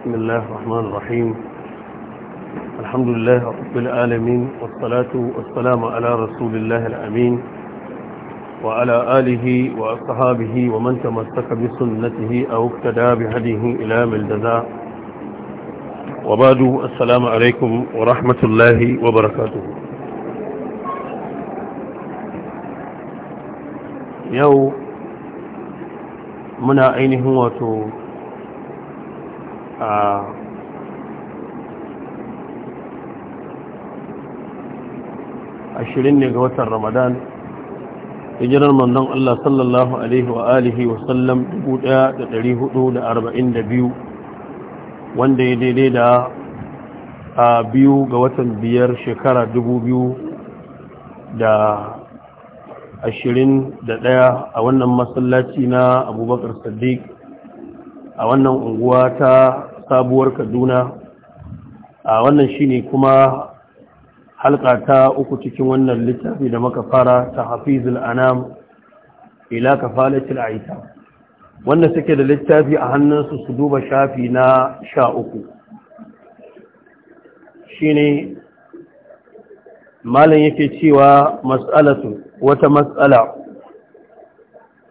بسم الله الرحمن الرحيم الحمد لله رب العالمين والصلاة والسلام على رسول الله الأمين وعلى آله وأصحابه ومن تمسك بسنته أو اقتدى بهديه إلى ملدزا وبعد السلام عليكم ورحمة الله وبركاته يوم muna أينه wato A ashirin ne ga watan ramadan hijirar mandan Allah sallallahu alaihi wa alihi wa sallam 1442 wanda ya daidai da a biyu ga watan biyar shekara da 2021 a wannan masallaci na abubakar sadiq a wannan unguwa ta sabuwar kaduna a wannan shine kuma halka ta uku cikin wannan littafi da muka fara ta hafizul anam ila kafalatul aita wanda suke da littafi a hannunsu su duba shafi na sha uku shine malam yake cewa mas'alatu wata mas'ala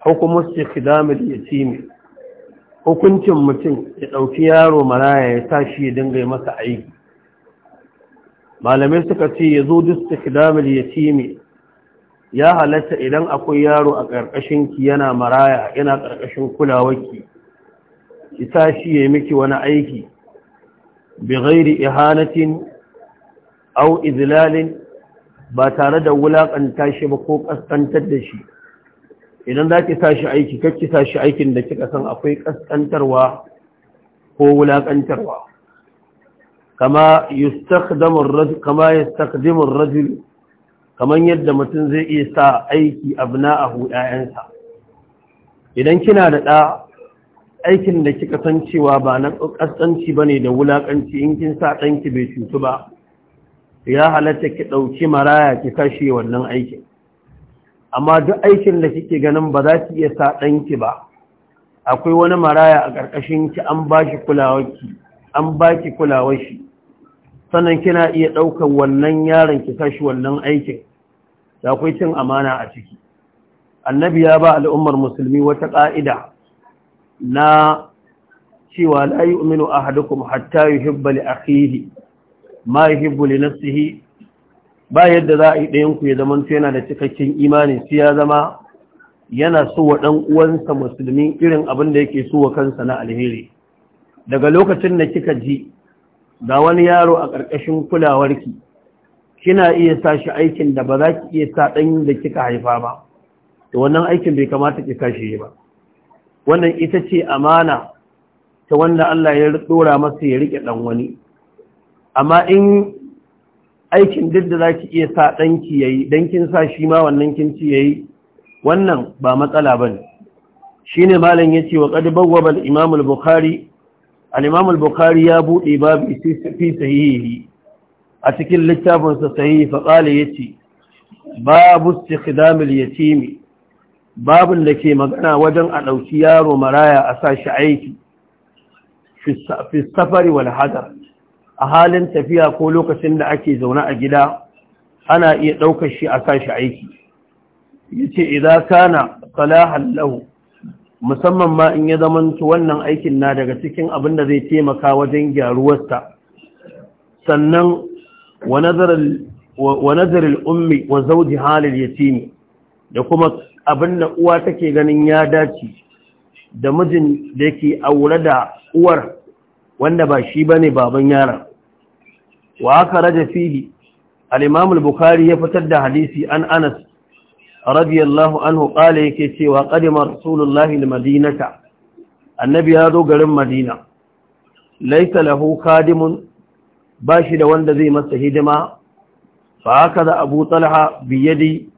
hukumu istikhdamil yatimi hukuncin mutum ya ɗauki yaro maraya ya tashi ya dinga masa aiki malamai suka ce ya zo duk tikdamil ya timi ya halatta idan akwai yaro a ƙarƙashin ki yana maraya yana ƙarƙashin kulawarki ki tashi shi ya miki wani aiki Birairi ihanatin au izlalin ba tare da wulaƙanta shi ba ko ƙasƙantar da shi idan za ki sa shi aiki kakki sa shi aikin da kika san akwai kaskantarwa ko wulakantarwa kama yustakdamu rajul kama yastakdimu rajul kaman yadda mutum zai iya sa aiki abna'ahu ƴaƴansa idan kina da da aikin da kika san cewa ba na kaskanci bane da wulakanci in kin sa danki bai cutu ba ya halatta ki dauki maraya ki kashe wannan aikin amma duk aikin da kike ganin ba za ki iya sa ɗanki ba akwai wani maraya a ƙarƙashin ki an ba shi kulawarki an ba ki kulawar shi sannan kina iya ɗaukar wannan yaron ki shi wannan aikin da akwai cin amana a ciki annabi ya ba al'ummar musulmi wata ƙa'ida na cewa la yu'minu ahadukum hatta yuhibba li akhihi ma yuhibbu li nafsihi ba yadda za a yi ɗayanku ya zama yana da cikakken imani sai ya zama yana so wa ɗan uwansa musulmi irin abin da yake so wa kansa na alheri daga lokacin da kika ji ga wani yaro a ƙarƙashin kulawarki kina iya sa shi aikin da ba za ki iya sa ɗan da kika haifa ba to wannan aikin bai kamata ki kashe ba wannan ita ce amana ta wanda Allah ya dora masa ya rike ɗan wani amma in aikin duk da za ki iya sa ɗanki ya yi don kin sa shi ma wannan kinci ya yi wannan ba matsala ba ne shi ne malin ya ce wa ƙadi bagwabal imamul bukari al'imamul bukari ya buɗe babu fi sahihi a cikin littafinsa sahihi faƙali ya ce babu stikidamil ya timi babin da ke magana wajen a ɗauki yaro maraya a sa shi aiki fi safari wal hadar a halin tafiya ko lokacin da ake zaune a gida ana iya ɗaukar shi a kashi aiki Ya ce, idan kana salahan lahu musamman ma in ya zamanto wannan aikin na daga cikin abin da zai taimaka wajen gyaruwarsa sannan wa nazarar ummi wa zauji halin ya yatimi da kuma abin da uwa take ganin ya dace da mijin da yake aure da uwar wanda ba shi ba ne baban yaron. wa akhraja fihi al-imam al-bukhari ya fitar da hadisi an anas radiyallahu anhu ƙala yake cewa qadima rasulullahi al-madinata annabi ya zo garin madina laisa lahu khadimun bashi da wanda zai masa hidima Ba haka da abu talha biyadi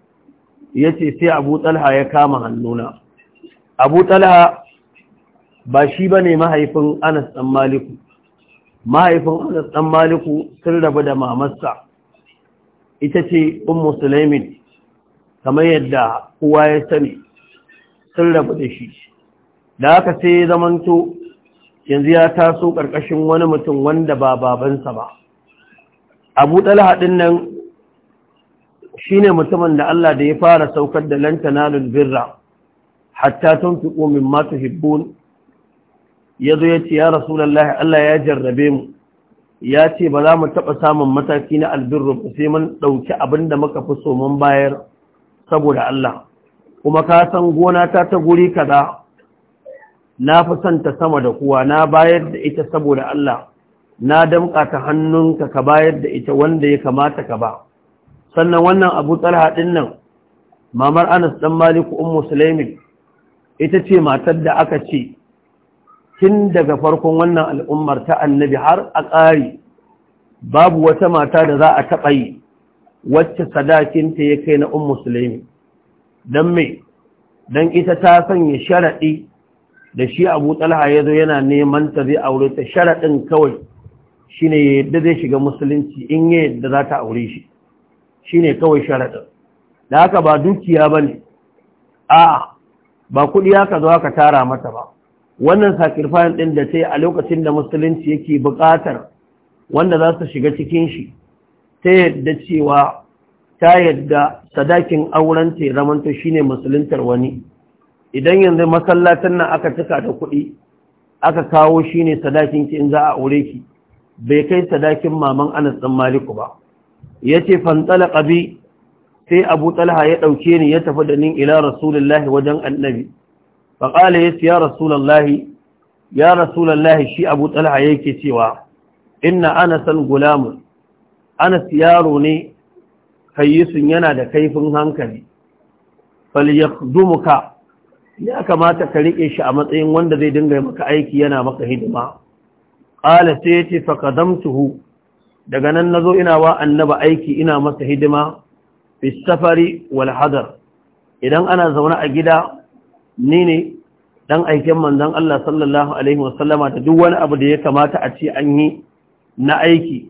ce sai abu talha ya kama hannuna abu talha ba shi ne mahaifin Anas ɗan Maliku mahaifin anas ɗan maliku sun rabu da mamarsa ita ce ɗin kamar yadda kowa ya sani sun rabu da shi da haka sai ya zamanto yanzu ya taso ƙarƙashin wani mutum wanda ba babansa ba abu ɗin nan shi ne mutumin da Allah da ya fara saukar da lantana lulbirra hatta tun fi ƙomin matu ya zo ya ce ya rasulallah Allah ya jarrabe mu ya ce ba za mu taɓa samun mataki na albirru sai mun ɗauki abin da muka fi so mun bayar saboda Allah kuma ka san gona ta ta guri kaza na fi son ta sama da kuwa na bayar da ita saboda Allah na damƙa ta hannunka ka bayar da ita wanda ya kamata ka ba sannan wannan abu talha ɗin nan mamar anas ɗan maliku ummu sulaimin ita ce matar da aka ce tun daga farkon wannan al'ummar ta annabi har a ƙari babu wata mata da za a taɓa yi wacce sadakinta ya kai na un umm musulmi don mai don ita ta sanya sharaɗi da shi abu talha ya zo yana neman ta zai aure ta sharaɗin kawai shi ne yadda zai shiga musulunci in yi yadda za ta aure shi shi ne kawai sharaɗin da haka ba dukiya ba ne a ba kuɗi haka zo haka tara mata ba wannan sacrifice din da ta yi a lokacin da musulunci yake buƙatar wanda za su shiga cikin shi ta yadda cewa ta yadda sadakin auren ta shi ne musuluntar wani idan yanzu masallacin nan aka cika da kuɗi aka kawo shi ne sadakin ki in za a aure ki bai kai sadakin maman Anas ɗan Maliku ba ce fantala ƙabi sai Abu Talha ya ɗauke ni ya tafi da ni ila Rasulullahi wajen Annabi Faƙale ya ce ya rasulallahi ya rasulallahi shi abu talha yake cewa inna anasan gulamun Ana yaro ne kayyisun yana da kaifin hankali falyakhdumuka ya kamata ka riƙe shi a matsayin wanda zai dinga maka aiki yana maka hidima ƙala sai yace faqadamtuhu daga nan nazo ina wa annaba aiki ina masa hidima fi safari wal hadar idan ana zaune a gida ni ne ɗan aiken manzon Allah sallallahu alaihi wasallama da duk wani abu da ya kamata a ce an yi na aiki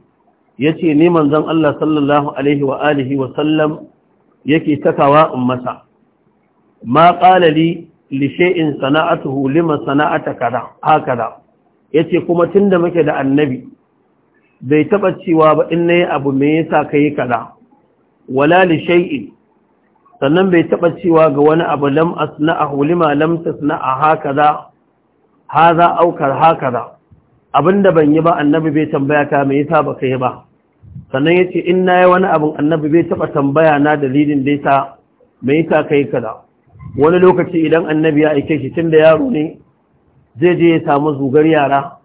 yace ni manzan Allah sallallahu alaihi wa wasallam yake takawa in masa ma qala li li shay'in sana'ata kada hakada yace kuma tunda muke da annabi bai taɓa cewa ba in nayi abu me yasa yi kada wala li sannan bai taɓa cewa ga wani abu lam asna'ahu lima lam tasna'a hakaza haza aukar hakaza abinda ban yi ba annabi bai tambaya ka me yasa baka yi ba sannan ya ce in na nayi wani abin annabi bai taɓa tambaya na dalilin da yasa me yasa kai kaza wani lokaci idan annabi ya aike shi da yaro ne zai je ya samu zugar yara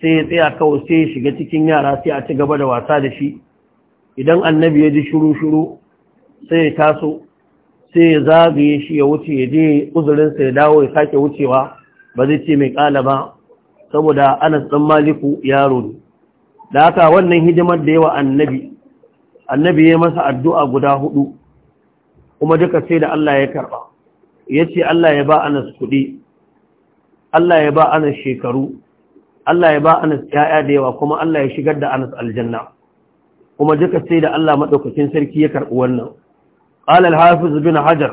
sai ya tsaya kawai sai ya shiga cikin yara sai a ci gaba da wasa da shi idan annabi ya ji shuru shuru sai ya taso sai ya zagaye shi ya wuce ya je uzurinsa ya dawo ya sake wucewa ba zai ce mai ƙala ba saboda anas ɗan maliku yaro ne da haka wannan hidimar da yawa annabi annabi ya masa addu'a guda hudu kuma duka sai da Allah ya karɓa ya ce Allah ya ba anas kuɗi Allah ya ba anas shekaru Allah ya ba anas ‘ya'ya da yawa kuma Allah ya shigar da anas aljanna kuma duka sai da Allah maɗaukakin sarki ya karɓi wannan قال الحافظ بن حجر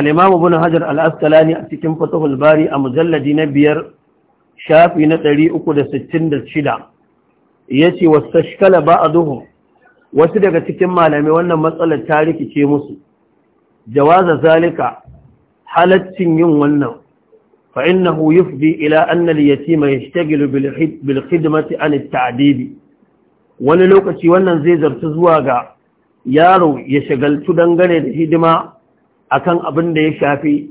الإمام بن حجر الأسكلاني أتكم فتح الباري مجلد نبير شافي نتري أكد ستين الشدع يتي واستشكل بعضهم وسدك تكم على وانا مسألة تاريك تيمسي جواز ذلك حالة يوم ونه فإنه يفضي إلى أن اليتيم يشتغل بالخدمة عن التعديد wani lokaci wannan zai zarta zuwa ga yaro ya shagaltu dangane da hidima akan abin da ya shafi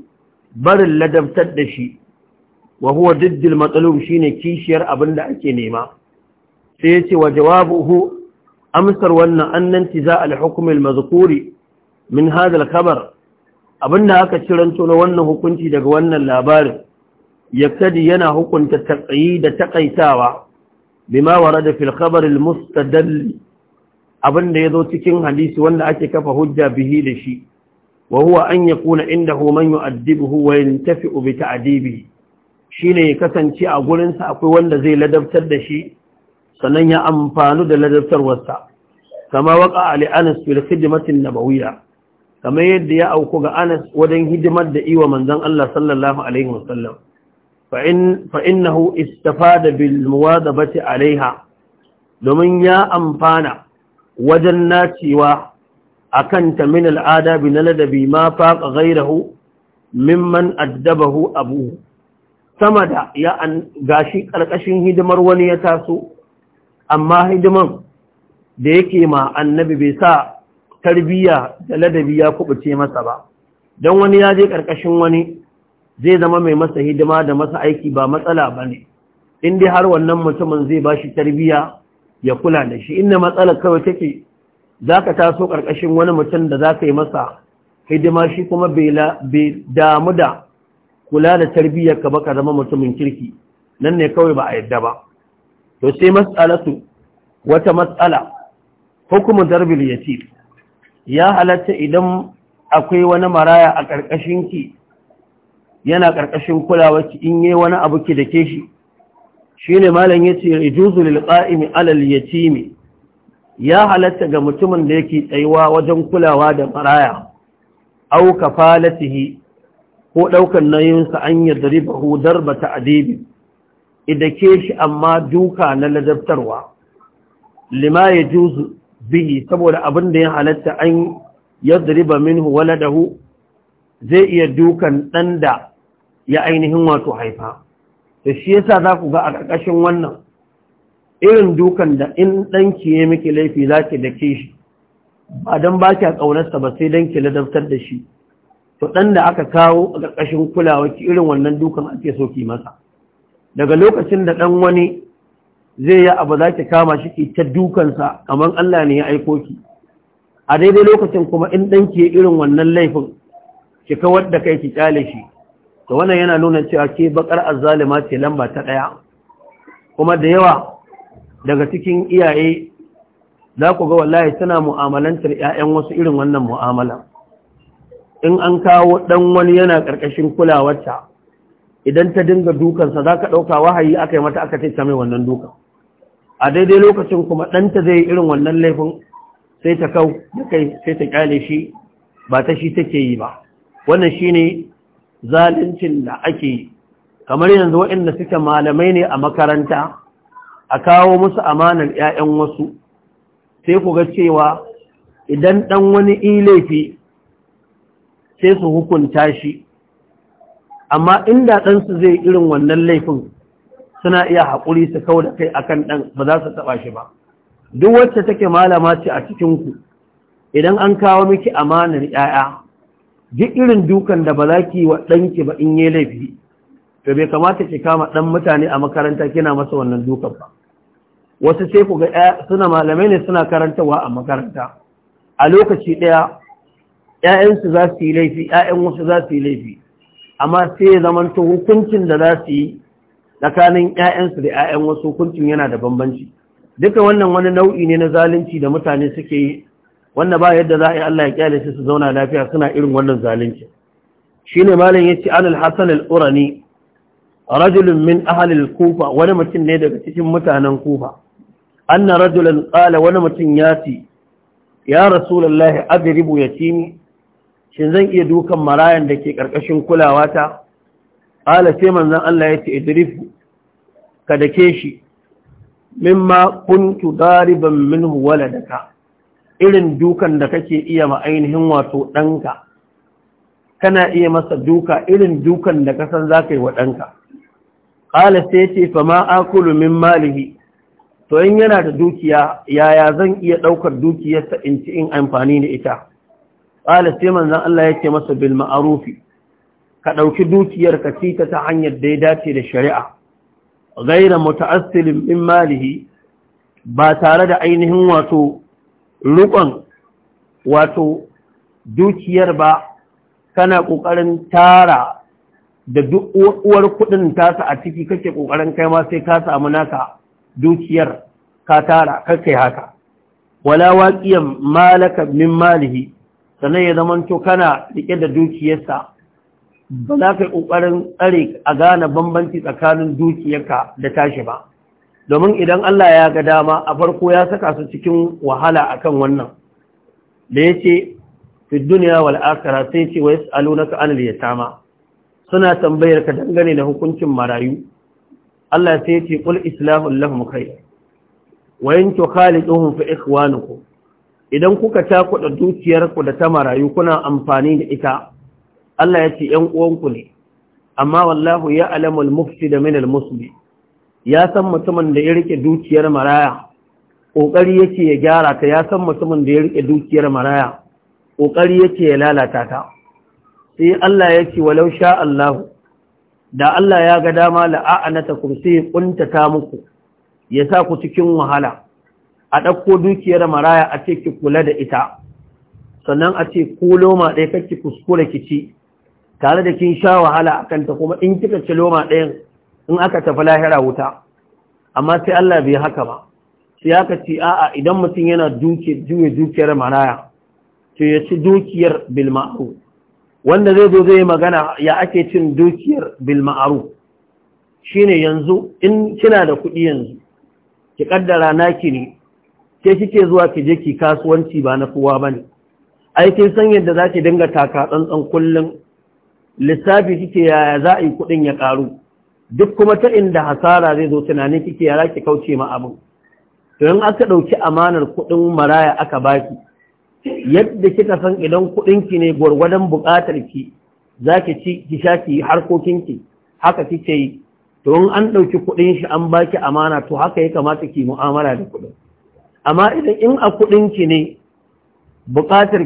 barin ladabtar da shi wa huwa diddil matsalum shine kishiyar abin da ake nema sai yace wa jawabuhu amsar wannan annan za al-hukm al-mazkuri min hadal khabar abinda aka ciranto na wannan hukunci daga wannan labarin yaktadi yana hukunta taqyi da taqaitawa bima warada fil khabar al abin da ya zo cikin hadisi wanda ake kafa hujja bihi da shi wa huwa an yakuna indahu man yu'addibuhu wa yantafi'u bi ta'dibihi shine ya kasance a gurinsa akwai wanda zai ladabtar da shi sannan ya amfanu da ladabtarwarsa kama waka ali anas fil khidmatin nabawiyya kamar yadda ya auku ga anas wajen hidimar da iwa manzon Allah sallallahu alaihi wasallam fa in fa innahu istafada bil muwadabati alaiha domin ya amfana wajen nacewa a ta min al'adabi na ladabi ma faqa ghayrahu mimman addabahu abu sama da ya an gashi ƙarƙashin hidimar wani ya taso amma hidiman da yake ma annabi bai sa tarbiyya da ladabi ya kubuce masa ba don wani ya je ƙarƙashin wani zai zama mai masa hidima da masa aiki ba matsala ba ne In dai har wannan mutumin zai ba shi tarbiyya ya kula da shi inda matsalar kawai take za ka taso ƙarƙashin wani mutum da za ka yi masa hidima shi kuma bai damu da kula da tarbiyyar ka baka zama mutumin kirki nan ne kawai ba a yadda ba to sai matsalatu wata matsala hukumin darbil yatim ya halatta idan akwai wani maraya a ƙarƙashin yana ƙarƙashin kulawarki in yi wani abu ki da ke shi Shi ne malam yace ijuzu lil qa'imi alal yatimi ya halatta ga mutumin da yake tsayuwa wajen kulawa da maraya au kafalatihi ko ɗaukar nayinsa an yadribahu darbata adibi idake shi amma duka na ladabtarwa lima yajuzu bihi saboda abin da ya halatta an huwa minhu waladahu zai iya dukan dan da ya ainihin wato haifa da shi yasa za ku ga a ƙarƙashin wannan irin dukan da in ɗanki ya miki laifi za ki da ke shi ba don ba ki a ƙaunarsa ba sai don ki ladabtar da shi to ɗan da aka kawo a ƙarƙashin kulawa ki irin wannan dukan ake so ki masa daga lokacin da ɗan wani zai yi abu za ki kama shi ki ta dukansa kamar Allah ne ya aiko ki a daidai lokacin kuma in ɗanki ya irin wannan laifin ki kawar da kai ki kyale shi to wannan yana nuna cewa ke bakar azzalima ce lamba ta daya kuma da yawa daga cikin iyaye za ku ga wallahi tana mu'amalantar ƴaƴan wasu irin wannan mu'amala in an kawo dan wani yana karkashin kulawarta idan ta dinga dukansa za ka ɗauka wahayi aka yi mata aka ta mai wannan dukan a daidai lokacin kuma ɗanta zai yi irin wannan laifin sai ta kau da kai sai ta kyale shi ba ta shi take yi ba wannan shi ne zalincin da ake yi kamar yanzu waɗanda suke malamai ne a makaranta a kawo musu amanar 'ya'yan wasu sai ku ga cewa idan ɗan wani ilaifi sai su hukunta shi amma inda ɗansu zai irin wannan laifin suna iya haƙuri su kawo da kai akan ɗan ba za su taɓa shi ba duk wacce take malama ce a cikinku idan an kawo miki amanar 'ya'ya duk irin dukan da ba za ki wa ɗanki ba in yi laifi to bai kamata ki kama ɗan mutane a makaranta kina masa wannan dukan ba wasu sai ku ga suna malamai ne suna karantawa a makaranta a lokaci ɗaya ‘ya'yansu za su yi laifi ‘ya'yan wasu za su yi laifi amma sai ya zamanto hukuncin da za su yi tsakanin ‘ya'yansu da ‘ya'yan wasu hukuncin yana da bambanci duka wannan wani nau'i ne na zalunci da mutane suke yi wanda ba yadda za a yi Allah ya kyale su zauna lafiya suna irin wannan zalunci shine malam yace anil Hassan al-urani rajulun min ahalil kufa wani mutum ne daga cikin mutanen kufa na rajulun qala wani mutum yace ya rasulullahi adribu yatimi shin zan iya dukan marayan da ke karkashin ta? qala sai manzan Allah yace idrifu ka dake shi mimma kuntu dariban minhu waladaka irin dukan da kake iya ma ainihin wato ɗanka kana iya masa duka irin dukan da kasan za ka yi wa ɗanka ƙala sai ce fa ma akulu min malihi to yin yana da dukiya yaya zan iya ɗaukar dukiyarsa in ci in amfani da ita ƙala sai manzan Allah ya ce masa bil ma'arufi ka ɗauki dukiyar ka ci ta hanyar da ya dace da shari'a gaira mutu'assilin min malihi ba tare da ainihin wato rukon wato dukiyar ba kana ƙoƙarin tara da duk uwar kuɗin tasa a ciki kake ƙoƙarin kai ma sai ka samu naka dukiyar ka tara kakai haka wala waqiyam malaka min malihi sannan ya zamanto kana rike da dukiyarsa ba za ka yi ƙoƙarin tsare a gane bambanci tsakanin dukiyarka da tashi ba domin idan Allah ya ga dama a farko ya saka su cikin wahala a kan wannan da ya ce fi duniya wal akhirah sai ce wa yas'alunaka anil yatama suna tambayar ka dangane da hukuncin marayu Allah sai ya ce qul islahu lahum khair wa in tukhaliduhum fa ikhwanukum idan kuka dukiyar dukiyarku da ta marayu kuna amfani da ita Allah ya ce ‘yan uwanku ne, amma wallahu ya alamul mufti da minal musulmi, ya san mutumin da ya rike dukiyar maraya ƙoƙari yake ya gyara ta ya san mutumin da ya rike dukiyar maraya ƙoƙari yake ya lalata ta sai Allah ya ce walau sha Allahu da Allah ya ga dama la'anata kum sai ya ta muku ya sa ku cikin wahala a ɗauko dukiyar maraya a ce ki kula da ita sannan a ce ko loma ɗaya kake kuskure ki ci tare da kin sha wahala a kanta kuma in kika ci loma ɗayan in aka tafi lahira wuta amma sai Allah bai haka ba sai aka ce a'a idan mutum yana duke juye dukiyar maraya to ya ci dukiyar bilma'aru. wanda zai zo zai magana ya ake cin dukiyar bilma'aru? ma'ruf shine yanzu in kina da kuɗi yanzu ki kaddara naki ne ke kike zuwa ki je ki kasuwanci ba na kowa bane ai kin san yadda ki dinga taka tsantsan kullum. lissafi kike yaya za a yi kuɗin ya ƙaru duk kuma ta inda hasara zai zo tunanin kike ya zaki kauce ma abin in aka ɗauki amanar kuɗin maraya aka baki yadda kika san idan kuɗinki ne gwargwadon buƙatarki za ki ci ki sha ki ki, haka kike yi to in an ɗauki kuɗin shi an baki amana to haka ya kamata ki mu'amala da kudin amma idan in a ki ne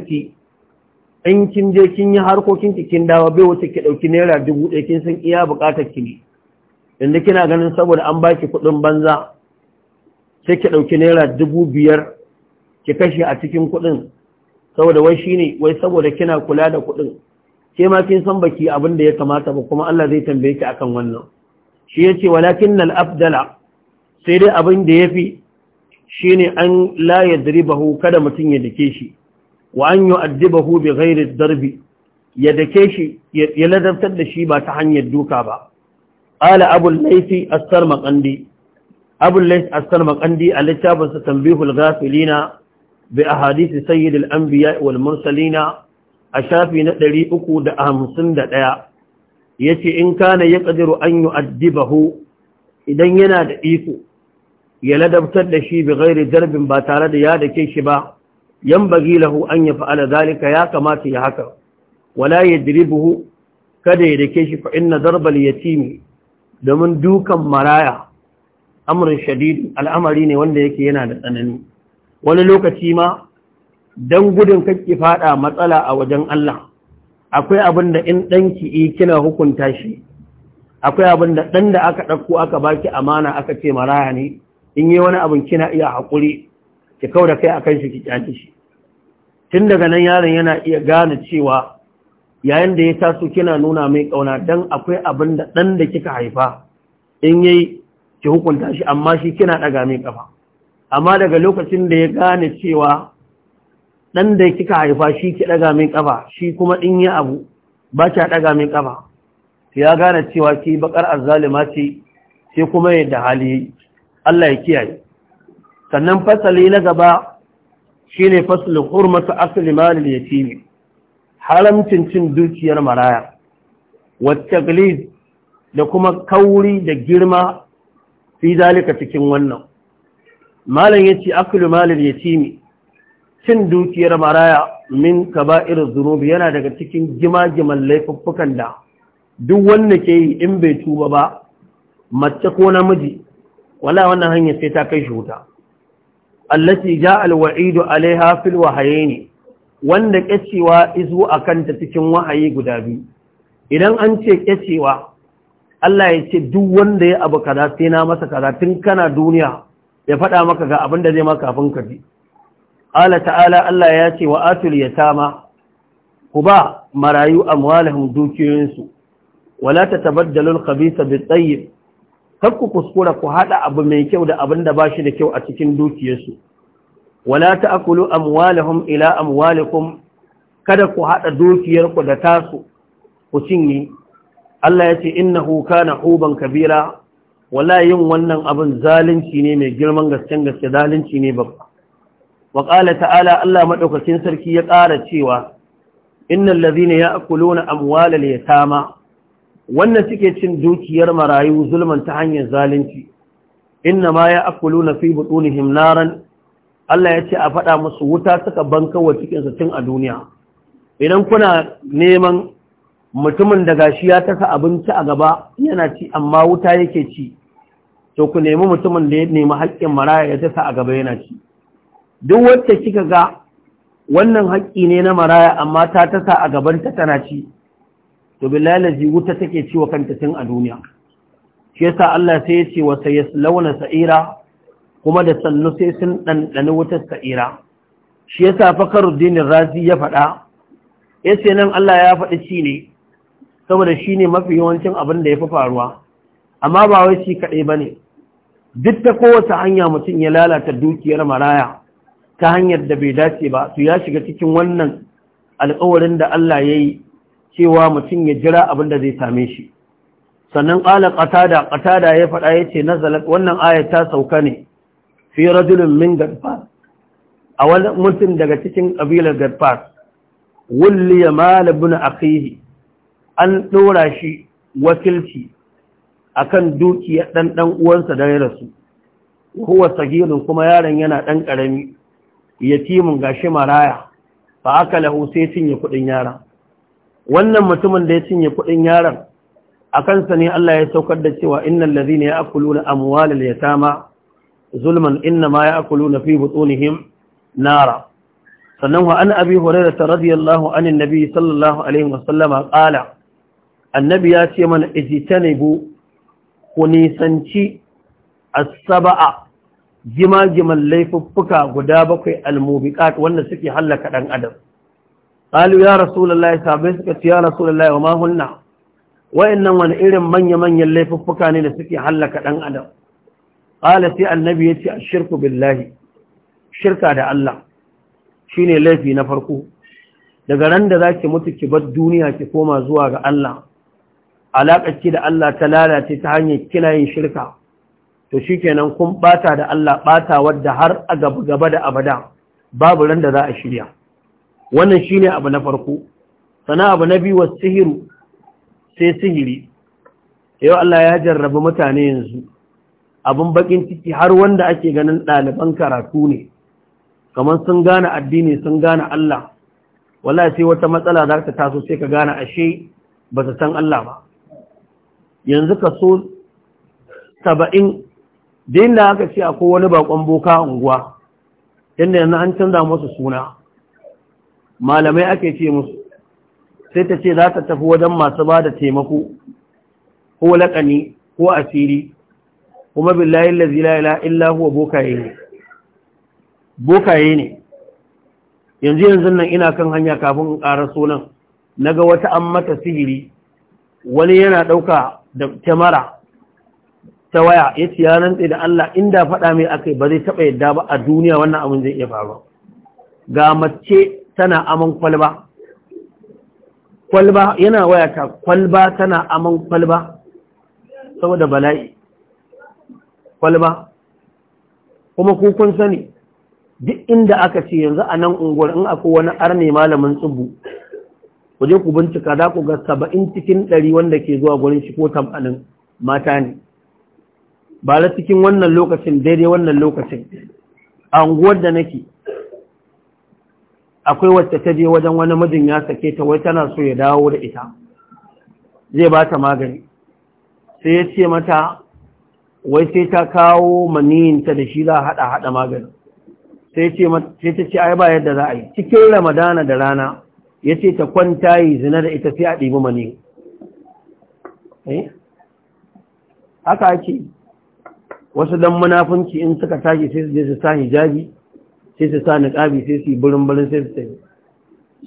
ki, in kin je kin yi harkokin ki, kin dawo bai wuce ki ɗauki naira dubu ɗaya kin san iya ki ne inda kina ganin saboda an baki kuɗin banza sai ki ɗauki naira dubu biyar ki kashe a cikin kuɗin saboda wai shi ne. wai saboda kina kula da kuɗin ke ma kin san baki abin da ya kamata ba kuma Allah zai tambaye ki akan wannan shi yace walakin al afdala sai dai abin da yafi ne an la yadribahu kada mutun ya dake shi wa an yu'addibahu bi ghairi darbi ya dake shi ya ladabtar da shi ba ta hanyar duka ba qala abul laythi as-sarmaqandi abul layth as a littafin sa tanbihul ghafilina bi a sayyid al-anbiya wal mursalina a shafi na Ya yace in kana yaqdiru an hu idan yana da iko ya ladabtar da shi bi gairi darbin ba tare da ya dake shi ba yan bagi lahu an ya fa'ala zalika ya kamata ya haka wala ya yadribuhu kada ya dake shi fa inna darbal yatimi domin dukan maraya amurin shadid al'amari ne wanda yake yana da tsanani wani lokaci ma don gudun kakki fada matsala a wajen Allah akwai abin da in ɗanki yi kina hukunta shi akwai abin da ɗan da aka ɗauko aka baki amana aka ce maraya ne in yi wani abin kina iya haƙuri ki kau da kai kan shi ki kyale shi tun daga nan yaron yana iya gane cewa yayin da ya taso kina nuna mai ƙauna don akwai abin da ɗan da kika haifa in yayi ki hukunta shi amma shi kina ɗaga mai ƙafa amma daga lokacin da ya gane cewa ɗan da kika haifa shi ki ɗaga mai ƙafa shi kuma in yi abu ba ki ɗaga mai ƙafa ya gane cewa ki bakar azzalima ce sai kuma ya da hali Allah ya kiyaye sannan fasali na gaba shine faslul hurmatu asli malil yatimi haramcin cin dukiyar maraya wattaglid da kuma kauri da girma fi zalika cikin wannan malam yace ya malil yatimi cin dukiyar maraya min irin zurubi yana daga cikin gima-giman laifuffukan da duk wanda ke yi in bai tuba ba mace ko namiji wala wannan hanyar sai ta kai shi wuta allati ja alwa'idu alaiha fil ne. wanda kyacewa izu a kanta cikin wahayi guda biyu idan an ce kyacewa Allah ya ce duk wanda ya abu kaza sai na masa kaza tun kana duniya ya faɗa maka ga abin da zai maka kafin ka ji ala ta'ala Allah ya ce wa atul yatama ku ba marayu a amwalahum dukiyoyinsu wala ta khabitha bit tayyib kar ku kuskura ku haɗa abu mai kyau da abin da ba shi da kyau a cikin dukiyarsu wala ta ta'kulu amwalahum ila amwalikum kada ku hada dukiyar ku da tasu ku cinye Allah yace innahu kana huban kabira wala yin wannan abin zalunci ne mai girman gasken gaske zalunci ne ba. wa qala ta'ala Allah madaukakin sarki ya ƙara cewa innal ladhina ya'kuluna ya yatama wannan suke cin dukiyar marayu zulman ta hanyar zalunci inna ma ya'kuluna fi butunihim naran Allah ya ce a faɗa musu wuta suka banka wa cikinsa tun a duniya idan kuna neman mutumin da gashi ya tasa abinci a gaba yana ci amma wuta yake ci to ku nemi mutumin da ya nemi haƙƙin maraya ya tasa a gaba yana ci duk wacce kika ga wannan haƙƙi ne na maraya amma ta tasa a gaban ta tana ci to bi wuta take ci wa kanta tun a duniya shi yasa Allah sai ya ce wa launa sa'ira kuma da sannu sai sun ɗanɗani wutar sa'ira shi ya sa fakarudinin razi ya faɗa ya ce nan Allah ya faɗi ci ne saboda shi ne mafi yawancin abin da ya fi faruwa amma ba wai shi kaɗai ba ne duk ta kowace hanya mutum ya lalata dukiyar maraya ta hanyar da bai dace ba to ya shiga cikin wannan alkawarin da Allah ya yi cewa mutum ya jira abin da zai same shi sannan ƙala ƙatada ƙatada ya faɗa ya ce wannan ayar ta sauka ne fi rajulun min gadfar a wani mutum daga cikin ƙabilar gadfar wulli ya malabin akhihi an ɗora shi wakilci akan dukiyar ɗan ɗan uwansa da ya rasu huwa sagirin kuma yaron yana ɗan ƙarami yatimin gashi maraya fa aka lahu sai cinye kuɗin yaron wannan mutumin da ya cinye kuɗin yaron a kansa ne Allah ya saukar da cewa innal ladhina ya'kuluna amwalal yatama zulman innama na fi butunihim nara sannan wa an abi hurairah radiyallahu anhu annabi sallallahu alaihi wasallama qala annabi ya ce mana ijtanibu ku nisanci as-sab'a jimajiman laifuffuka guda bakwai almubiqat wanda suke halaka dan adam qalu ya rasulullahi sabai suka ce ya rasulullahi wa ma hunna wa'annan wani irin manya-manyan laifuffuka ne da suke halaka dan adam ƙala sai annabi ya ce a shirku billahi shirka da Allah shi ne laifi na farko daga ran da za ki mutu ki bar duniya ki koma zuwa ga Allah alaƙarki da Allah ta lalace ta hanyar kina yin shirka to shi kenan kun ɓata da Allah ɓata wadda har a gaba da abada babu ran da za a shirya wannan shi ne abu na farko sana abu na biyu wasu sihiru sai sihiri yau Allah ya jarrabi mutane yanzu abin bakin ciki har wanda ake ganin ɗaliban karatu ne kamar sun gane addini sun gane Allah wala sai wata matsala za ta taso sai ka gane ashe ba su san Allah ba yanzu ka so saba'in din da aka ce akwai wani bakon boka unguwa inda yanzu an canza musu suna malamai ake ce musu sai ta ce za ta tafi wajen masu ba da taimako ko laƙani ko asiri kuma billahi allazi la ilaha illa huwa bokaye ne bokaye ne yanzu yanzu nan ina kan hanya kafin ƙara sunan ga wata an mata sihiri wani yana ɗauka da kyamara ta waya ya ci yanar da Allah inda faɗa mai akai ba zai taɓa yadda ba a duniya wannan abin zai iya faru ga mace tana aman kwalba kwalba yana waya ta kwalba tana aman kwalba saboda bala'i kwalba kuma kun sani duk inda aka ce yanzu a nan unguwar in akwai wani arne malamin tsubu ku je ku bincika za ku ga saba'in cikin ɗari wanda ke zuwa gurin shi ko tamanin mata ne ba da cikin wannan lokacin daidai wannan lokacin a unguwar da nake akwai wacce ta je wajen wani mijin ya sake ta wai tana so ya dawo da ita zai ba ta magani sai ya ce mata wai sai ta kawo maniyinta da shi za a haɗa haɗa magani sai ta ce ai ba yadda za a yi cikin ramadana da rana ya ce ta kwanta yi zina da ita sai a ɗibi mani eh? haka ake wasu dan munafunci in suka tashi sai su je su sa hijabi sai su sa niƙabi, sai su yi burin-burin sai su tafi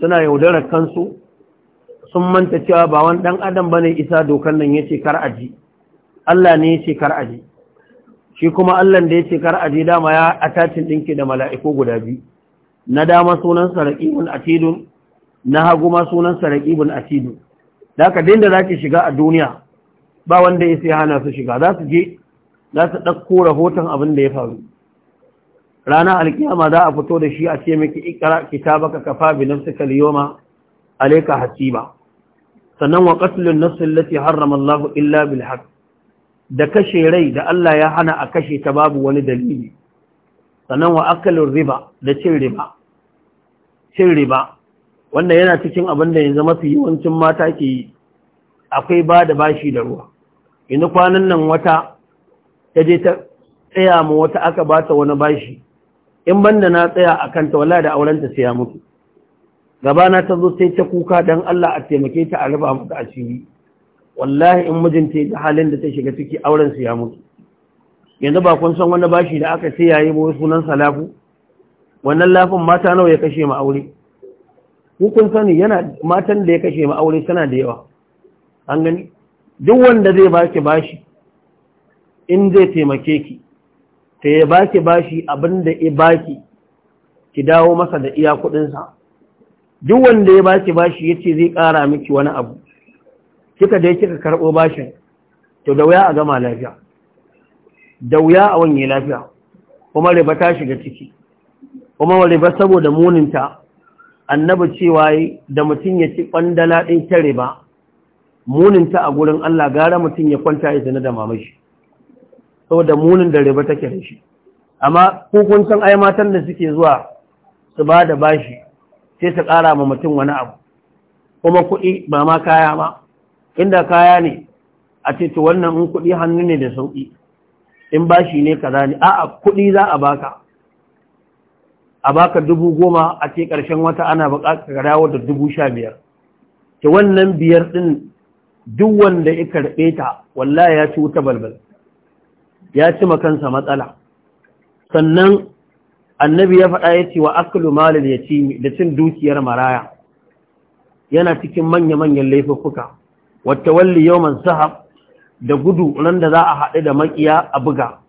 suna yaudarar kansu sun manta cewa ba wani ɗan adam ba ne isa dokan nan ya ce kar a ji Allah ne ya ce kar shi kuma Allah da ya ce kar aje dama ya attachin ɗinki da mala'iku guda biyu na dama sunansa raqibun atidun na hagu ma sunansa raqibun atidun da ka dinda zaki shiga a duniya ba wanda ya sai hana su shiga za su je za su ɗauko rahoton abin da ya faru rana alkiyama za a fito da shi a ce miki ikra kitabaka kafa bi nafsika al-yawma hasiba sannan wa qatlun nafsin lati harrama Allah illa bil haqq da kashe rai da Allah ya hana a kashe ta babu wani dalili sannan wa akalin riba da cin riba cin riba wannan yana cikin abin da yanzu mafi yawancin mata ke yi akwai ba da bashi da ruwa Inu kwanan nan wata ta je ta tsaya ma wata aka ba ta wani bashi in banda na tsaya a kanta wala da aurenta sai ya mutu gabana ta zo sai ta kuka don Allah a taimake ta a riba mata asiri wallahi in mijinta ya halin da ta shiga ciki auren su ya mutu yanzu ba kun san wani bashi da aka sai yayi boye sunan salafu wannan lafin mata nawa ya kashe ma aure ku kun sani yana matan da ya kashe ma aure suna da yawa an gani duk wanda zai baki bashi in zai taimake ki ta ya baki bashi abinda ya baki ki dawo masa da iya kudinsa duk wanda ya baki bashi yace zai kara miki wani abu kika dai kika karɓo bashin to da wuya a gama lafiya da wuya a wanye lafiya kuma riba ta shiga ciki kuma riba saboda muninta annaba cewa da mutum ya ci ɓandala ɗin ta riba muninta a gurin Allah gara mutum ya kwanta ya zina da mamashi saboda munin da riba take da shi amma hukuncin ai matan da suke zuwa su ba da bashi sai su ƙara ma mutum wani abu kuma kuɗi ba ma kaya ba inda kaya ne a ce to wannan in kuɗi hannu ne da sauƙi in bashi ne ka zane a'a kuɗi za a baka a baka dubu goma a ce ƙarshen wata ana buƙatar da dubu sha biyar ta wannan biyar ɗin duk wanda ya karɓe ta wallahi ya ci wuta balbal ya ci kansa matsala sannan annabi ya faɗa ya ce wa akalu malin ya ci da cin dukiyar maraya yana cikin manya-manyan laifuffuka wata walli yawman sahab da gudu nan da za a haɗu da makiya a buga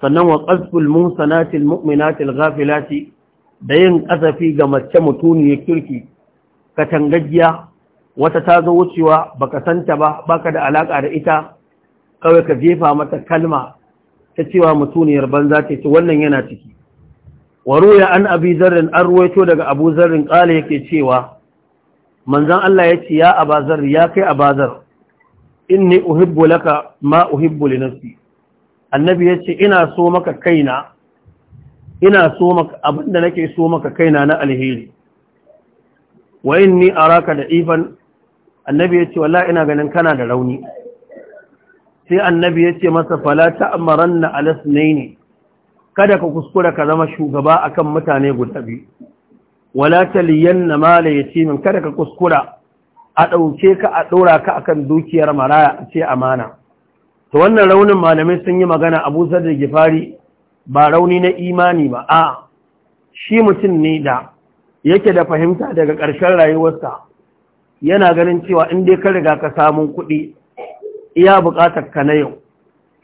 sannan wa qasful musanatil mu'minatil ghafilati da yin ƙasafi ga mace mutuni ya kirki katangajiya wata ta zo wucewa baka santa ba baka da alaƙa da ita kawai ka jefa mata kalma ta cewa mutuniyar banza ce wannan yana ciki waruya an abi zarrin an ruwaito daga abu zarrin ƙala yake cewa manzan Allah ya ce ya abazar ya kai abazar inni uhibbu laka ma uhibbu li nafsi annabi ya ce ina so maka kaina ina so maka abinda nake so maka kaina na alheri wa inni araka da ifan annabi ya ce wallahi ina ganin kana da rauni sai annabi ya ce masa fala ta'maranna ne ne. kada ka kuskura ka zama shugaba akan mutane guda biyu wala taliyanna mala min kada ka kuskura a ɗauke ka a ɗora ka akan dukiyar maraya ce amana to wannan raunin malamai sun yi magana Abu Zar da Gifari ba rauni na imani ba a shi mutum ne da yake da fahimta daga ƙarshen rayuwarsa yana ganin cewa in dai ka riga ka samun kuɗi iya buƙatar ka na yau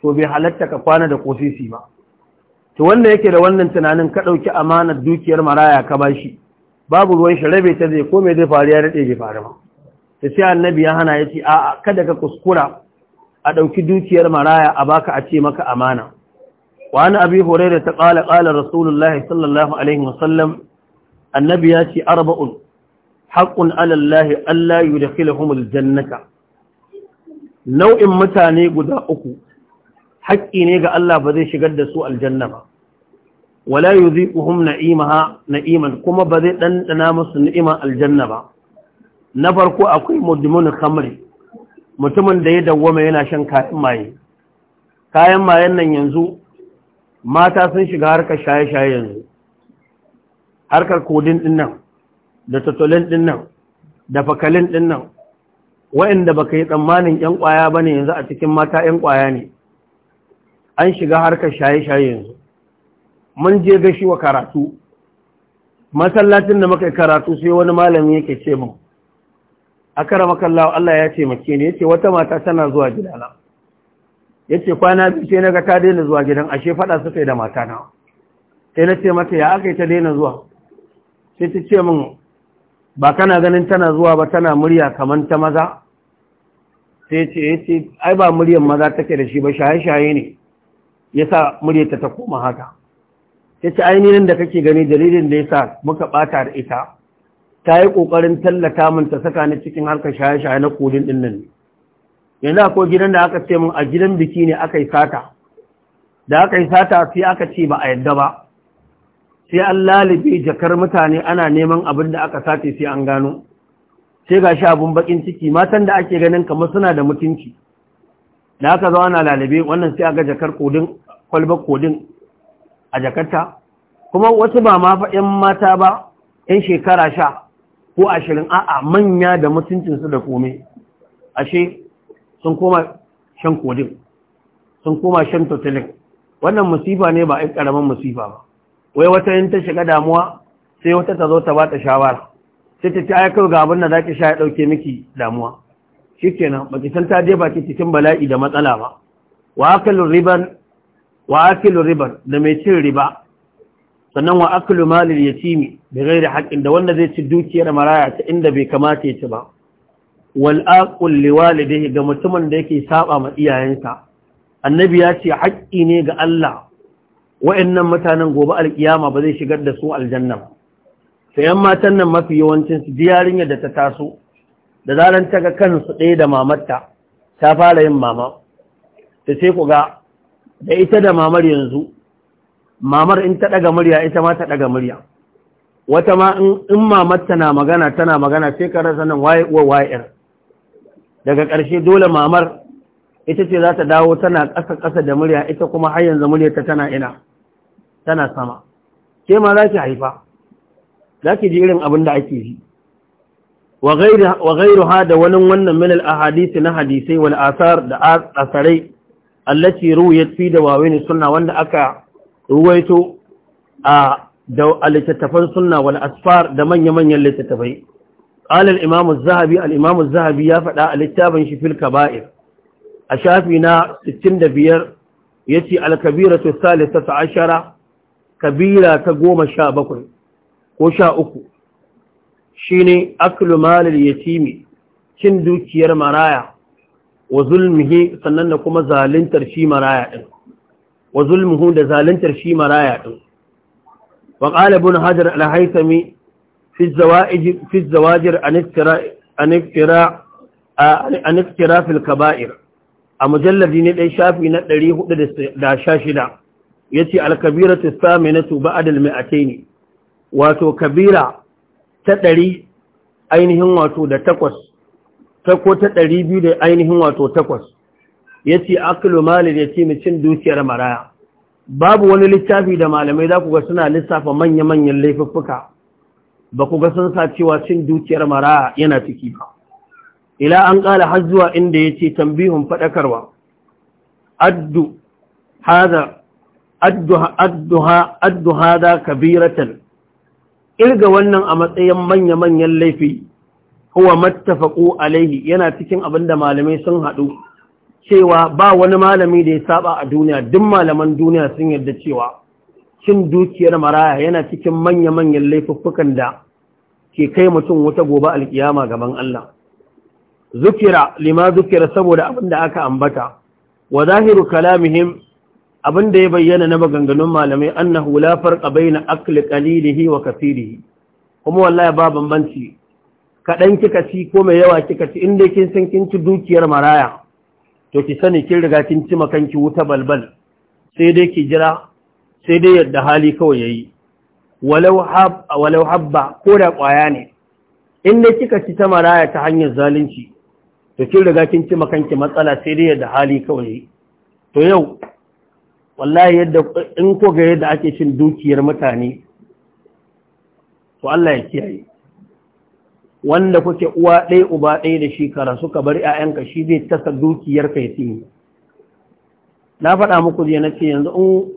to bai halatta ka kwana da kosisi ba to wanda yake da wannan tunanin ka ɗauki amanar dukiyar maraya ka ba shi. babu ruwan shi ta zai kome zai faru ya daɗe bai faru ba ta ce annabi ya hana ya ce a kada ka kuskura a ɗauki dukiyar maraya a baka a ce maka amana wa ana abi horai da ta ƙala ƙala rasulullah sallallahu alaihi sallam annabi ya ce arba'un haƙun alallahi allah yu da filahumul jannaka nau'in mutane guda uku haƙƙi ne ga allah ba zai shigar da su aljanna ba wala yuziquhum na'imaha na'iman kuma ba zai dandana musu na'iman aljanna ba na farko akwai mudmun kamari. mutumin da ya dawwama yana shan kayan maye kayan mayen nan yanzu mata sun shiga harkar shaye-shaye yanzu harkar kodin din nan da tatolin din da fakalin din nan wa'inda baka yi tsammanin yan kwaya bane yanzu a cikin mata yan kwaya ne an shiga harkar shaye-shaye yanzu mun je gashi wa karatu masallacin da muka karatu sai wani malami yake ce mu akara makallawa Allah ya ce make ne yace wata mata tana zuwa gidana yace kwana biyu sai naga ta daina zuwa gidan ashe fada suka yi da mata na sai na ce mata ya aka ta daina zuwa sai ta ce min ba kana ganin tana zuwa ba tana murya kaman ta maza sai ce yace ai ba muryar maza take da shi ba shaye-shaye ne yasa muryarta ta koma haka ta ci ainihin da kake gani dalilin da ya sa muka ɓata da ita ta yi ƙoƙarin tallata min ta saka ni cikin harkar shaye-shaye na kodin ɗin nan yanzu akwai gidan da aka ce min a gidan biki ne aka yi sata da aka yi sata sai aka ce ba a yadda ba sai an lalibe jakar mutane ana neman abin da aka sace sai an gano sai ga shi abin bakin ciki matan da ake ganin kamar suna da mutunci da aka zo ana lalibe wannan sai aga jakar kodin kwalbar kodin a jakarta kuma wasu ba ma fa mata ba 'yan shekara sha ko ashirin a'a manya da mutuncinsu da kome ashe sun koma shan kodin sun koma shan totalin wannan musifa ne ba a ƙaramin musifa ba wai wata yin ta shiga damuwa sai wata ta zo ta ba ta shawara sai ta ci ai ga da za ki sha ya ɗauke miki damuwa shikenan ba ki san ta je ba ki cikin bala'i da matsala ba wa akalin riban wa akilu ribar da mai cin riba sannan wa akilu malil yatimi da gairi haƙin da wanda zai ci dukiyar maraya ta inda bai kamata ya ci ba wal aqul liwalidihi ga mutumin da yake saba ma iyayensa annabi ya ce haƙƙi ne ga Allah wa'annan mutanen gobe alkiyama ba zai shigar da su aljanna ba sai yan matan nan mafi yawancin su yarinyar da ta taso da zaran ta ga kansu ɗaya da mamarta ta fara yin mama ta sai ku ga da ita da mamar yanzu mamar in ta ɗaga murya ita ma ta ɗaga murya wata ma in mamar tana magana tana magana sai ka rasa nan waye uwa waye daga ƙarshe dole mamar ita ce za ta dawo tana ƙasa ƙasa da murya ita kuma har yanzu muryarta tana ina tana sama ke ma za ki haifa za ki ji irin abin da ake yi wa gairu ha da wani wannan minal ahadisi na hadisai wal asar da asarai allati ruwayat fi dawawin suna wanda aka ruwaito a littattafan al-tattafan sunna wal asfar da manyan manyan littattafai qala al zahabi al zahabi ya faɗa a littafin shi fil a shafi na 65 yace al-kabiratu as-salisah 13 kabira ta goma 17 ko sha 13 shine aklu mal al-yatimi cin dukiyar maraya wa zulmihi sannan da kuma zalintar shi maraya din wa zulmuhu da zalintar shi maraya din wa qala hajar al-haythami fi az-zawa'ij fi az-zawajir an iftira an iftira an kaba'ir a mujalladi ne dai shafi na 416 yace al-kabiratu as-saminatu ba'da al-mi'atayn wato kabira ta 100 ainihin wato da takwas ta ko ta ɗari biyu da ainihin wato takwas ya ce akilu malin ya ce cin dukiyar maraya babu wani littafi da malamai za ku ga suna lissafa manya-manyan laifuffuka ba ku ga sun sa cewa cin dukiyar maraya yana ciki ba ila an ƙala har zuwa inda ya ce tambihun faɗakarwa addu za addu hada kabiratan irga wannan a matsayin manya-manyan laifi huwa mattafaqu alaihi yana cikin abinda malamai sun haɗu cewa ba wani malami da ya saba a duniya duk malaman duniya sun yarda cewa cin dukiyar maraya yana cikin manya-manyan laifuffukan da ke kai mutum wata gobe alkiyama gaban Allah zukira lima zukira saboda abin da aka ambata wa zahiru kalamihim abin ya bayyana na maganganun malamai annahu la farqa baina akli qalilihi wa kathirihi kuma wallahi ba bambanci kaɗan kika ci ko mai yawa kika ci inda kin san kin ci dukiyar maraya to ki sani kin riga kin ci makanki wuta balbal sai dai ki jira sai dai yadda hali kawai yayi walau hab walau habba ko da ƙwaya ne inda kika ci ta maraya ta hanyar zalunci to kin riga kin ci makanki matsala sai dai yadda hali kawai yayi to yau wallahi yadda in ko ga yadda ake cin dukiyar mutane to Allah ya kiyaye wanda kuke uwa ɗaya uba ɗaya da shekara suka bar ‘ya'yanka shi zai tasa dukiyar ka yi na faɗa muku zai na ce yanzu in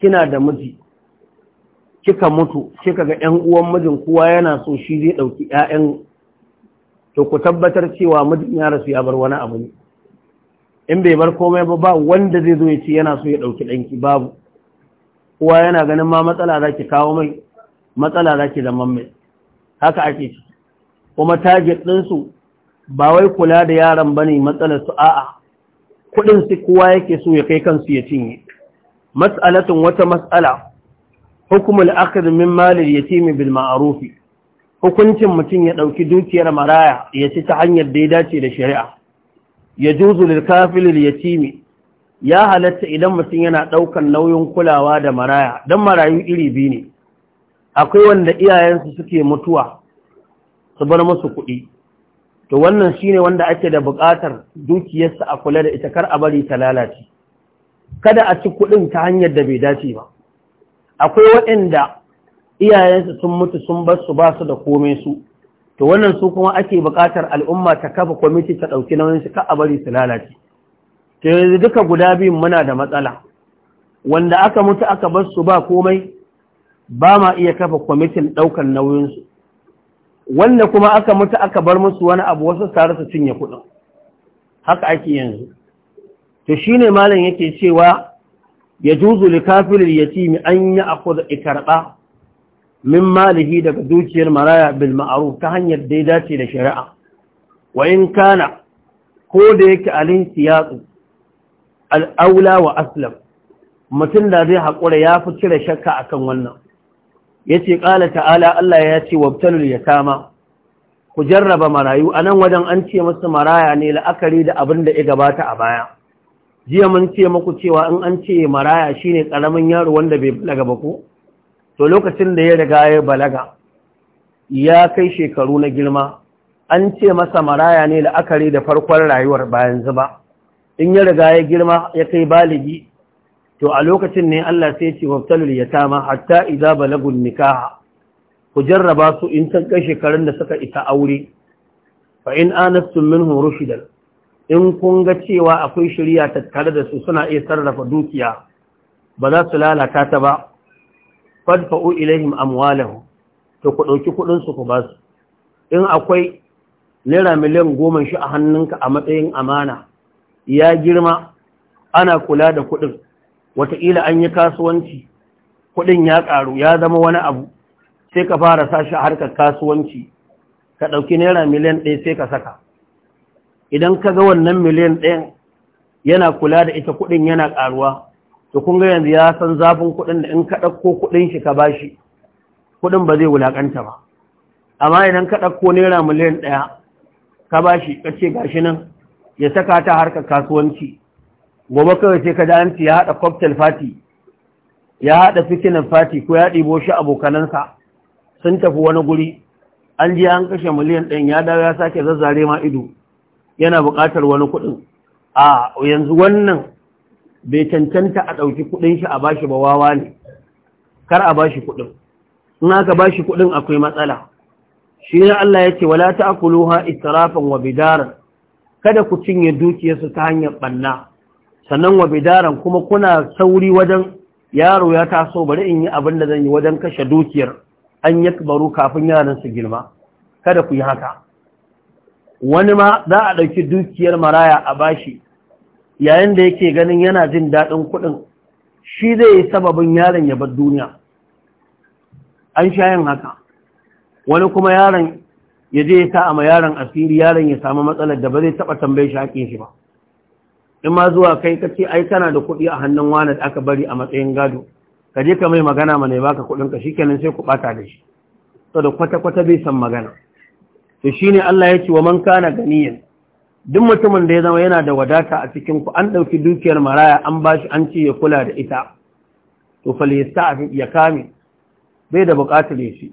kina da miji kika mutu kika ga ‘yan uwan mijin kowa yana so shi zai ɗauki ‘ya'yan to ku tabbatar cewa mijin ya rasu ya bar wani abu ne in bai bar komai ba ba wanda zai zo ya ce yana so ya ɗauki ɗanki babu kowa yana ganin ma matsala za ki kawo mai matsala za ki zama mai haka ake ci kuma target ɗinsu ba wai kula da yaran bane matsalar su a'a kuɗin su kowa yake so ya kai kansu ya cinye mas'alatun wata mas'ala hukumul akhd min malil yatim bil ma'ruf hukuncin mutum ya ɗauki dukiyar maraya ya ci ta hanyar da ya dace da shari'a ya juzu lil kafil yatimi ya halatta idan mutum yana ɗaukar nauyin kulawa da maraya dan marayu iri biyu ne akwai wanda iyayensu suke mutuwa su bar musu kuɗi to wannan shi ne wanda ake da buƙatar dukiyarsa a kula da ita kar a bari ta lalace kada a ci kuɗin ta hanyar da bai dace ba akwai waɗanda iyayensu sun mutu sun bar su ba su da komai su to wannan su kuma ake buƙatar al'umma ta kafa kwamiti ta ɗauki nauyin su kar a bari su lalace to yanzu duka guda biyun muna da matsala wanda aka mutu aka bar su ba komai ba ma iya kafa kwamitin ɗaukar nauyinsu wanda kuma aka mutu aka bar musu wani abu wasu tare su cinye kuɗin haka ake yanzu to shine malam yake cewa ya juzu li kafiril yatimi an ya akhudha ikarba min malihi daga dukiyar maraya bil ma'ruf ta hanyar da ya dace da shari'a wa in kana ko da yake alin siyatu al'aula wa aslam mutum da zai haƙura ya fi cire shakka akan wannan yace qala ta'ala Allah ya ce wabtalul yatama ku jarraba marayu anan wajen an ce musu maraya ne la'akari da abin da ya gabata a baya jiya mun ce muku cewa in an ce maraya shine karamin yaro wanda bai balaga ba ko to lokacin da ya riga ya balaga ya kai shekaru na girma an ce masa maraya ne la'akari da farkon rayuwar bayan zuba in ya riga ya girma ya kai baligi to a lokacin ne Allah sai ce waftalul yatama hatta idza balagun nikaha ku jarraba su in san kai shekarun da suka isa aure fa in anastum minhum rushidan in kun ga cewa akwai shari'a tattare da su suna iya sarrafa dukiya ba za su lalata ta ba fadfa'u ilaihim amwalahum to ku dauki kudin su ku ba su in akwai naira miliyan goma shi a hannunka a matsayin amana ya girma ana kula da kudin wataƙila an yi kasuwanci kuɗin ya ƙaru ya zama wani abu sai ka fara sashi a harkar kasuwanci ka ɗauki naira miliyan ɗaya sai ka saka idan ka ga wannan miliyan ɗayan yana kula da ita kuɗin yana ƙaruwa to kun ga yanzu ya san zafin kuɗin da in ka ɗauko kuɗin shi ka bashi kuɗin ba zai wulaƙanta ba amma idan ka ɗauko naira miliyan ɗaya ka bashi ka ce gashi nan ya saka ta harkar kasuwanci gobe kawai sai ka ji an ce ya haɗa cocktail party ya haɗa fitinan fati ko ya ɗibo shi abokanansa sun tafi wani guri an ji an kashe miliyan ɗin ya dawo ya sake zazzare ma ido yana buƙatar wani kuɗin a yanzu wannan bai cancanta a ɗauki kuɗin shi a bashi ba wawa ne kar a bashi kuɗin in aka bashi kuɗin akwai matsala shi ne Allah ya ce wala ta'kuluha israfan wa bidaran kada ku cinye dukiyarsu ta hanyar banna sannan wa bidaran kuma kuna sauri wajen yaro ya taso bari in yi abin da zan yi wajen kashe dukiyar an yi baro kafin yaran su girma kada ku yi haka wani ma za a ɗauki dukiyar maraya a bashi yayin da yake ganin yana jin daɗin kuɗin shi zai yi sababin yaron ya bar duniya an sha yin haka wani kuma yaron ya je ya sa a ma yaron asiri yaron ya samu matsalar da ba zai taɓa tambaye shi haƙe shi ba in ma zuwa kai ka ce ai kana da kuɗi a hannun wani da aka bari a matsayin gado ka je ka mai magana mana ya baka kuɗin ka shikenan sai ku bata da shi to da kwata kwata bai san magana to shine Allah ya ce wa man kana ganiyan duk mutumin da ya zama yana da wadata a cikin ku an ɗauki dukiyar maraya an bashi an ce ya kula da ita to falyasta'fi ya kame bai da buƙatar shi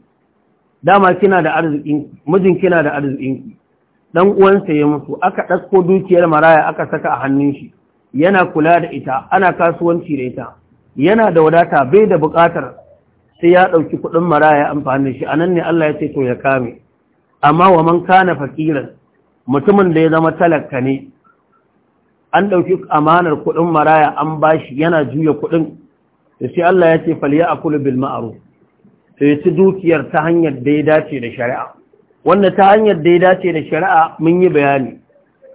dama kina da arzikin mijin kina da arzikin dan uwansa ya mutu aka ɗasko dukiyar maraya aka saka a hannun shi yana kula da ita ana kasuwanci da ita yana da wadata bai da buƙatar sai ya ɗauki kuɗin maraya amfani da shi anan ne Allah ya ce to ya kame amma wa man kana fakiran mutumin da ya zama talakka ne an ɗauki amanar kuɗin maraya an bashi yana juya kuɗin sai Allah ya ce faliya a bil ma'ruf sai ya ci dukiyar ta hanyar da ya dace da shari'a wanda ta hanyar da ya dace da shari'a mun yi bayani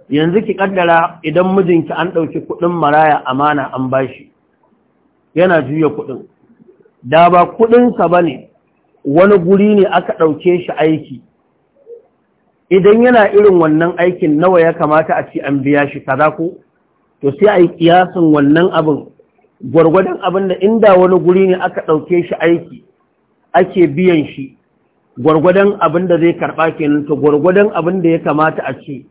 yanzu ki kaddara idan mijinki an ɗauki kuɗin maraya amana an bashi yana juya kuɗin da ba kuɗinsa ba ne wani guri ne aka ɗauke shi aiki idan yana irin wannan aikin nawa ya kamata a ci an biya shi kaza ko to sai a yi kiyasin wannan abin gwargwadon abin da inda wani guri ne aka ɗauke shi aiki ake biyan shi gwargwadon abin da zai karɓa kenan to gwargwadon abin da ya kamata a ce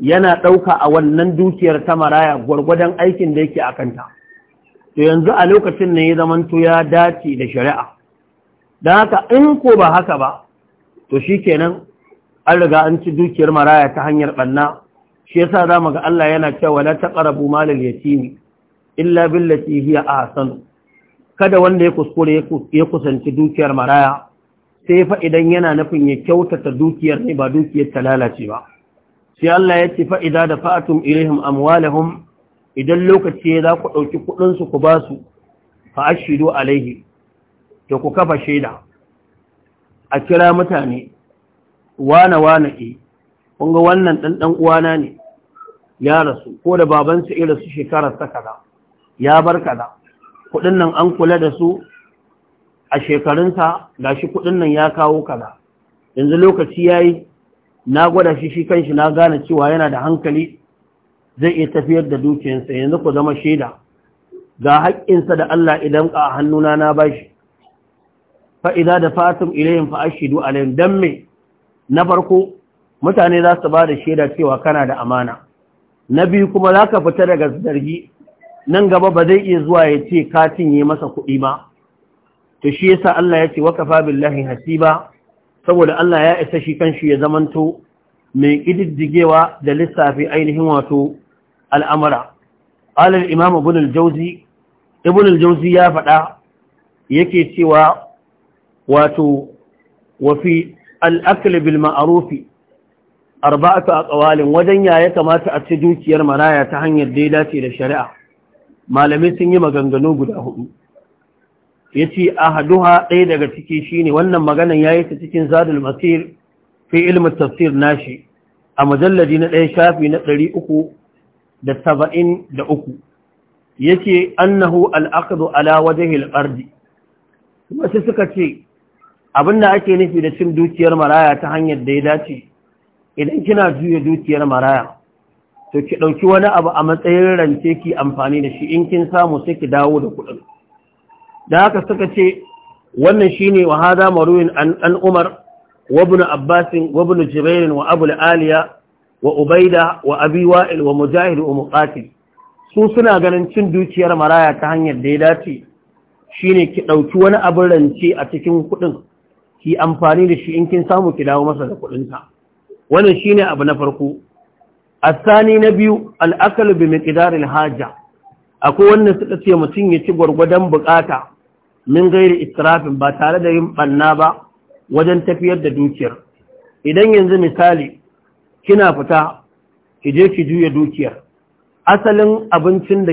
yana ɗauka a wannan dukiyar ta maraya gwargwadon aikin da yake a kanta to yanzu a lokacin ne ya zamanto ya dace da shari'a don haka in ko ba haka ba to shi kenan an riga an ci dukiyar maraya ta hanyar ɓanna shi yasa za mu ga Allah yana cewa la taqrabu malal yatimi illa billati hiya ahsan kada wanda ya kuskure ya kusanci dukiyar maraya sai fa idan yana nufin ya kyautata dukiyar ne ba dukiyar ta lalace ba sai Allah ya ce fa idza dafa'tum ilaihim amwalahum idan lokaci ya za ku ɗauki kuɗinsu ku ba su fa ashidu alaihi to ku kafa shaida a kira mutane wane wane e ga wannan ɗanɗan uwana ne ya rasu ko da babansa ya rasu shekarar ta kaza ya bar kaza kuɗin nan an kula da su a shekarunsa ga shi kuɗin nan ya kawo kaza yanzu lokaci yayi na gwada shi shi kanshi na gane cewa yana da hankali zai iya tafiyar da dukiyarsa yanzu ku zama shaida ga haƙƙinsa da Allah idan ka a hannuna na bashi fa'iza da fatim ilayin fa'ashidu alayhim don me na farko mutane za su ba da shaida cewa kana da amana na biyu kuma za ka fita daga zargi nan gaba ba zai iya zuwa ya ce ka yi masa kuɗi ba to shi yasa Allah ya ce wa kafa billahi hasiba saboda Allah ya isa shi kanshi ya zamanto mai kididdigewa da lissafi ainihin wato al'amara alal imam ibn al-jawzi ibn al-jawzi ya faɗa yake cewa wato wa fi al-akl bil ma'ruf arba'atu aqwalin wajen ya ya kamata a ci dukiyar maraya ta hanyar da dace da shari'a malamai sun yi maganganu guda hudu ya ce ahaduha ɗaya daga ciki shine wannan maganan ya yi ta cikin zadul masir fi ilmin tafsir nashi a majalladi na ɗaya shafi na ɗari uku da saba'in da uku ya ce annahu al'akadu ala wajahil wasu suka ce abin abinda ake nufi da cin dukiyar maraya ta hanyar da ya dace idan kina juya dukiyar maraya to ki ɗauki wani abu a matsayin rance ki amfani da shi in kin samu sai ki dawo da kuɗin da haka suka ce wannan shine wa hada maruwin an umar wa ibn abbas wa ibn jubair wa abu aliya wa ubaida wa abi wa'il wa mujahid wa su suna ganin cin dukiyar maraya ta hanyar da ya dace shine ki dauki wani abin rance a cikin kuɗin ki amfani da shi in kin samu ki dawo masa da kudin ka. wannan shine abu na farko A Sani na biyu al bi miqdar al-haja akwai wannan suka ce mutum ya ci gwargwadon bukata min gairi israfin ba tare da yin banna ba wajen tafiyar da dukiyar idan yanzu misali kina fita ki je ki juya dukiyar asalin abincin da